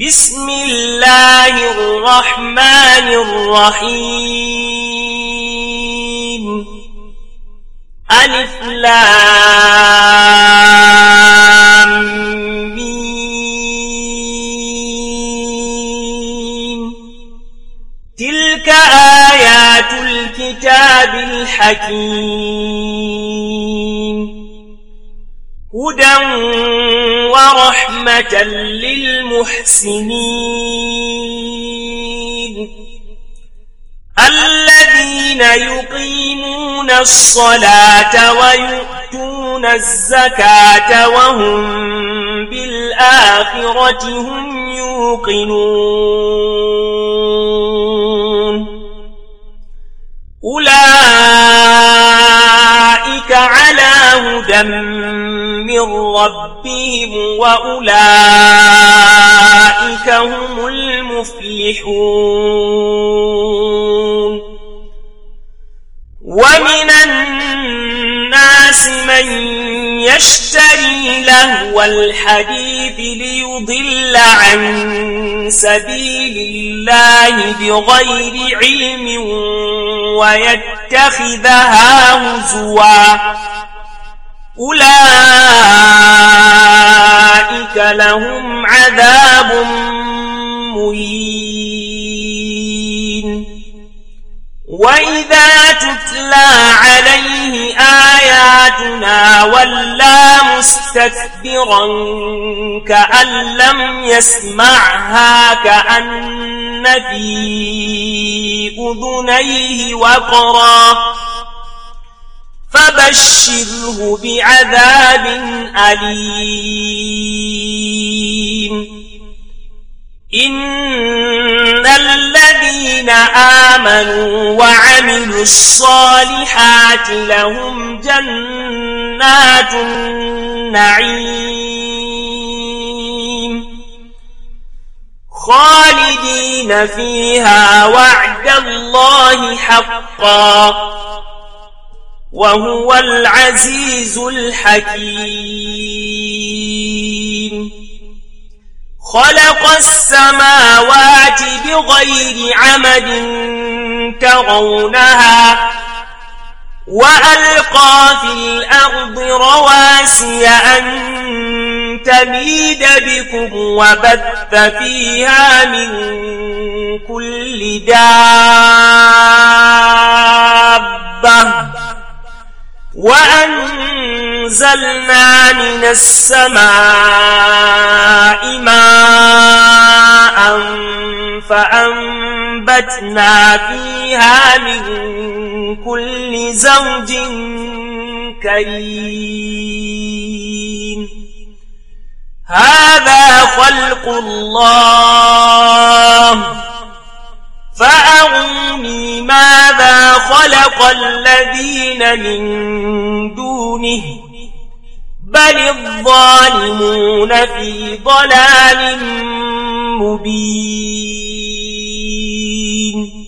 بسم الله الرحمن الرحيم ألف لام مين تلك آيات الكتاب الحكيم هدى رحمة للمحسنين الذين يقيمون الصلاة ويؤتون الزكاة وهم بالآخرة هم يوقنون أولئك على هدى من ربهم وأولئك هم المفلحون ومن الناس من يشتري لهو الحديث ليضل عن سبيل الله بغير علم ويتخذها هزوا أولئك لهم عذاب مهين وإذا تتلى عليه آياتنا ولى مستكبرا كأن لم يسمعها كأن في أذنيه وقرا فبشره بعذاب أليم إن الذين آمنوا وعملوا الصالحات لهم جنات النعيم خالدين فيها وعد الله حقا وهو العزيز الحكيم خلق السماوات بغير عمد ترونها وألقى في الأرض رواسي أن تميد بكم وبث فيها من كل دار وأنزلنا من السماء ماء فأنبتنا فيها من كل زوج كريم هذا خلق الله فأغني الذين من دونه بل الظالمون في ضلال مبين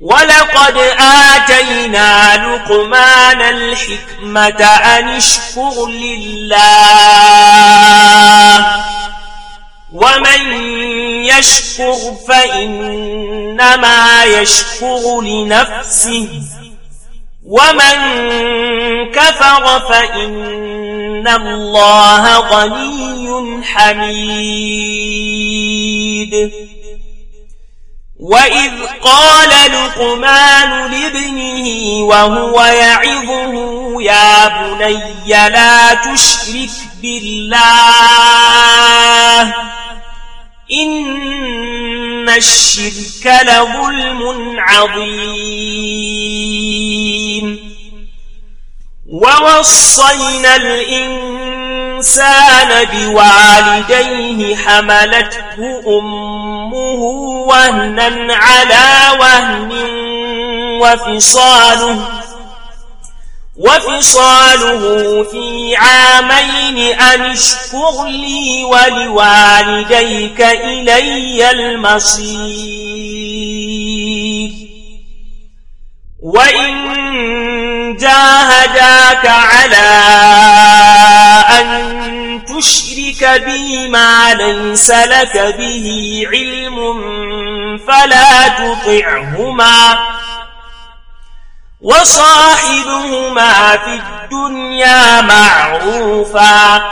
ولقد آتينا لقمان الحكمة أن اشكر لله ومن يشكر فإن إنما يشكر لنفسه ومن كفر فإن الله غني حميد وإذ قال لقمان لابنه وهو يعظه يا بني لا تشرك بالله إن الشرك لظلم عظيم ووصينا الإنسان بوالديه حملته أمه وهنا على وهن وفصاله وفصاله في عامين أن اشكر لي ولوالديك إلي المصير وإن جاهداك على أن تشرك بي ما ليس لك به علم فلا تطعهما وصاحبهما في الدنيا معروفا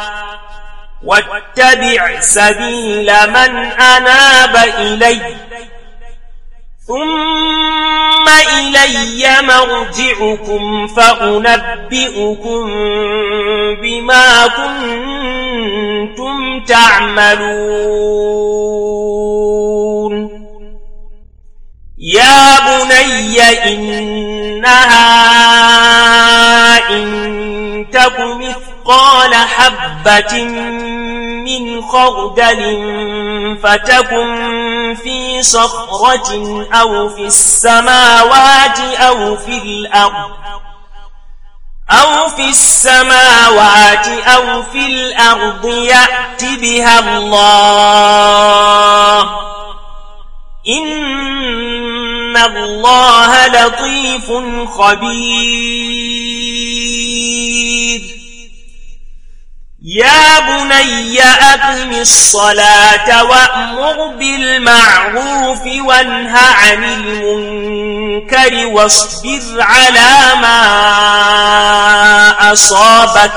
واتبع سبيل من أناب إلي ثم إلي مرجعكم فأنبئكم بما كنتم تعملون يا بني إن إنها إن تك مثقال حبة من خردل فتكن في صخرة أو في السماوات أو في الأرض أو في السماوات أو في الأرض يأت بها الله الله لطيف خبير يا بني أقم الصلاة وأمر بالمعروف وانه عن المنكر واصبر على ما أصابك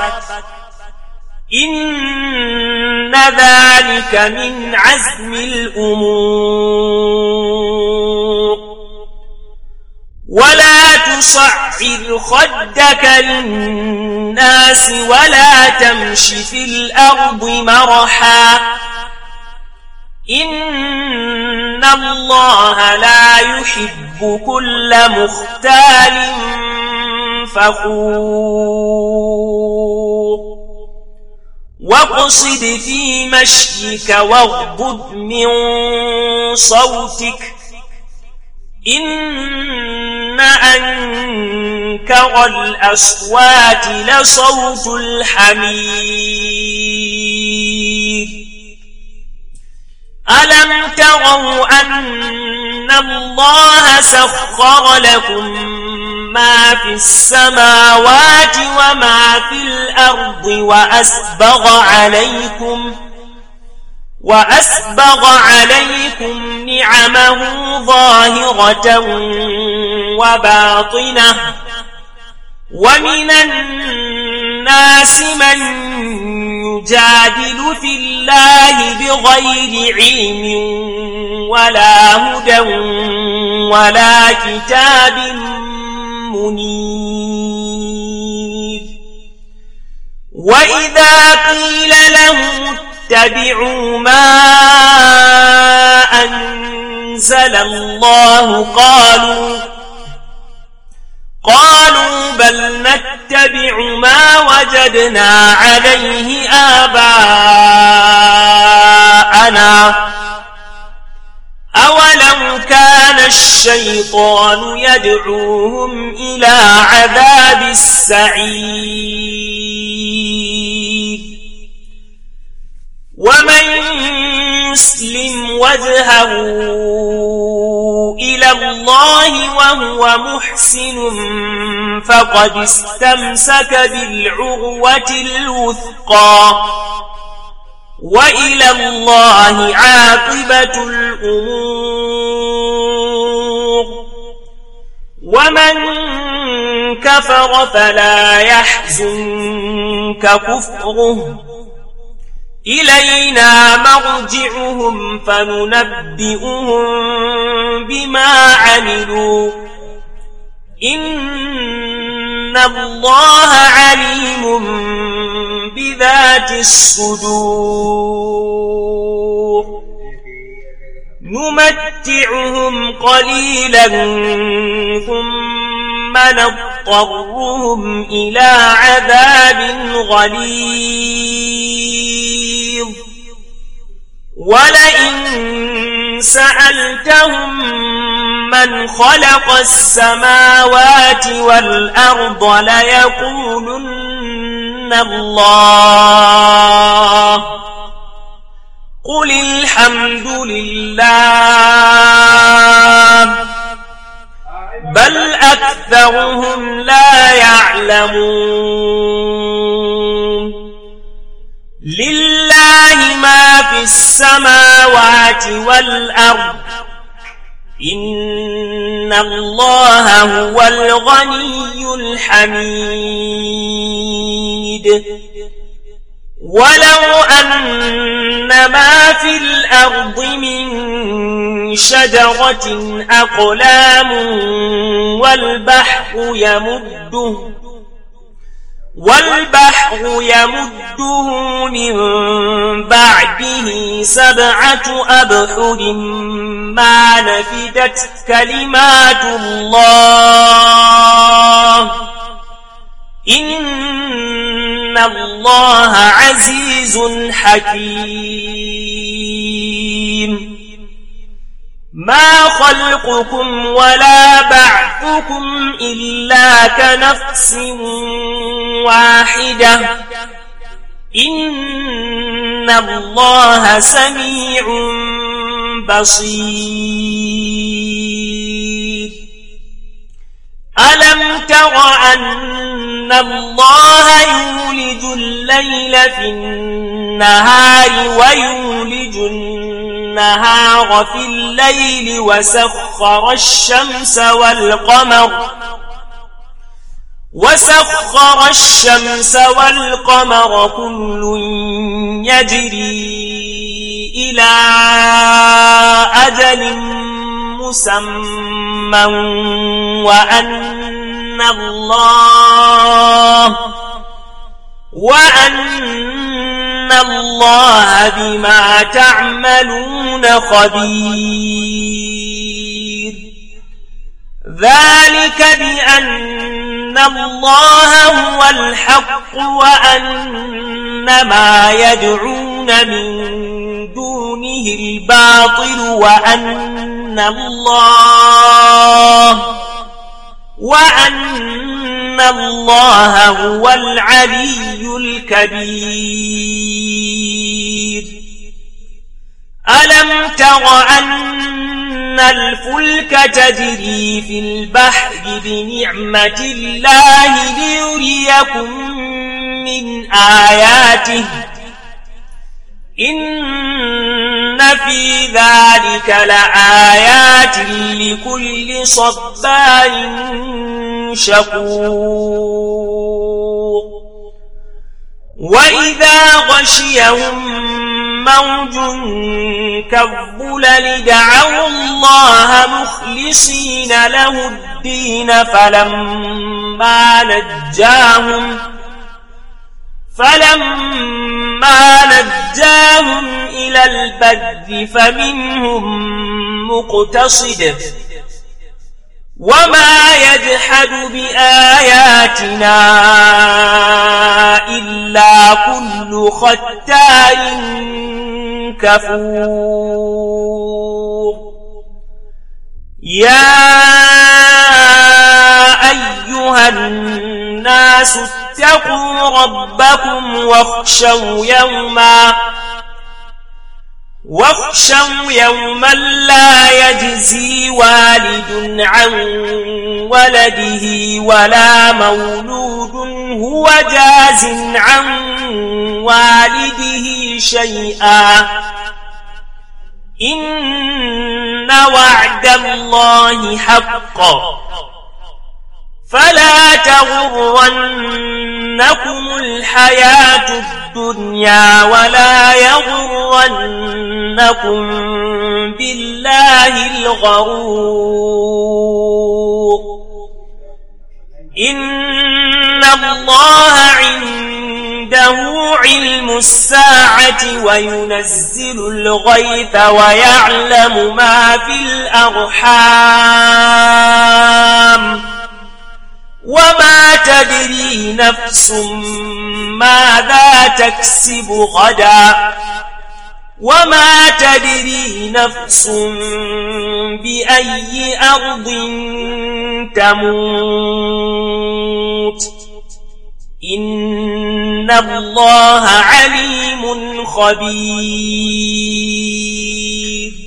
إن ذلك من عزم الأمور تصعد خدك للناس ولا تمش في الأرض مرحا إن الله لا يحب كل مختال فخور واقصد في مشيك واغضب من صوتك أنكر الأصوات لصوت الحمير ألم تروا أن الله سخر لكم ما في السماوات وما في الأرض وأسبغ عليكم وأسبغ عليكم نعمه ظاهرة وباطنة ومن الناس من يجادل في الله بغير علم ولا هدى ولا كتاب منير وإذا قيل لهم اتبعوا ما أنزل الله قالوا قالوا بل نتبع ما وجدنا عليه آباءنا أولو كان الشيطان يدعوهم إلى عذاب السعير ومن يسلم وجهه إلى الله وهو محسن فقد استمسك بالعروة الوثقى وإلى الله عاقبة الأمور ومن كفر فلا يحزنك كفره إلينا مرجعهم فننبئهم بما عملوا إن الله عليم بذات الصدور نمتعهم قليلا ثم نضطرهم إلى عذاب غليظ ولئن سألتهم من خلق السماوات والأرض ليقولن الله قل الحمد لله بل أكثرهم لا يعلمون السماوات والأرض إن الله هو الغني الحميد ولو أن ما في الأرض من شجرة أقلام والبحر يمده والبحر يمده من بعده سبعة أبحر ما نفدت كلمات الله إن الله عزيز حكيم ما خلقكم ولا بعثكم إلا كنفس واحدة إن الله سميع بصير ألم تر أن الله يولج الليل في النهار ويولج النهار النهار في الليل وسخر الشمس والقمر وسخر الشمس والقمر كل يجري إلى أجل مسمى وأن الله وأن إن الله بما تعملون خبير ذلك بأن الله هو الحق وأن ما يدعون من دونه الباطل وأن الله وأن الله هو العليم الكبير ألم تر أن الفلك تجري في البحر بنعمة الله ليريكم من آياته إن في ذلك لآيات لكل صبار شكور وإذا غشيهم موج كالظلل دعوا الله مخلصين له الدين فلما نجاهم فلما نجاهم إلى البر فمنهم مقتصد وما يجحد بآياتنا إلا كل ختار كفور يا أيها الناس اتقوا ربكم واخشوا يوماً واخشوا يوما لا يجزي والد عن ولده ولا مولود هو جاز عن والده شيئا إن وعد الله حق فلا تغرن تغرنكم الحياة الدنيا ولا يغرنكم بالله الغرور إن الله عنده علم الساعة وينزل الغيث ويعلم ما في الأرحام نفس ماذا تكسب غدا وما تدري نفس بأي أرض تموت إن الله عليم خبير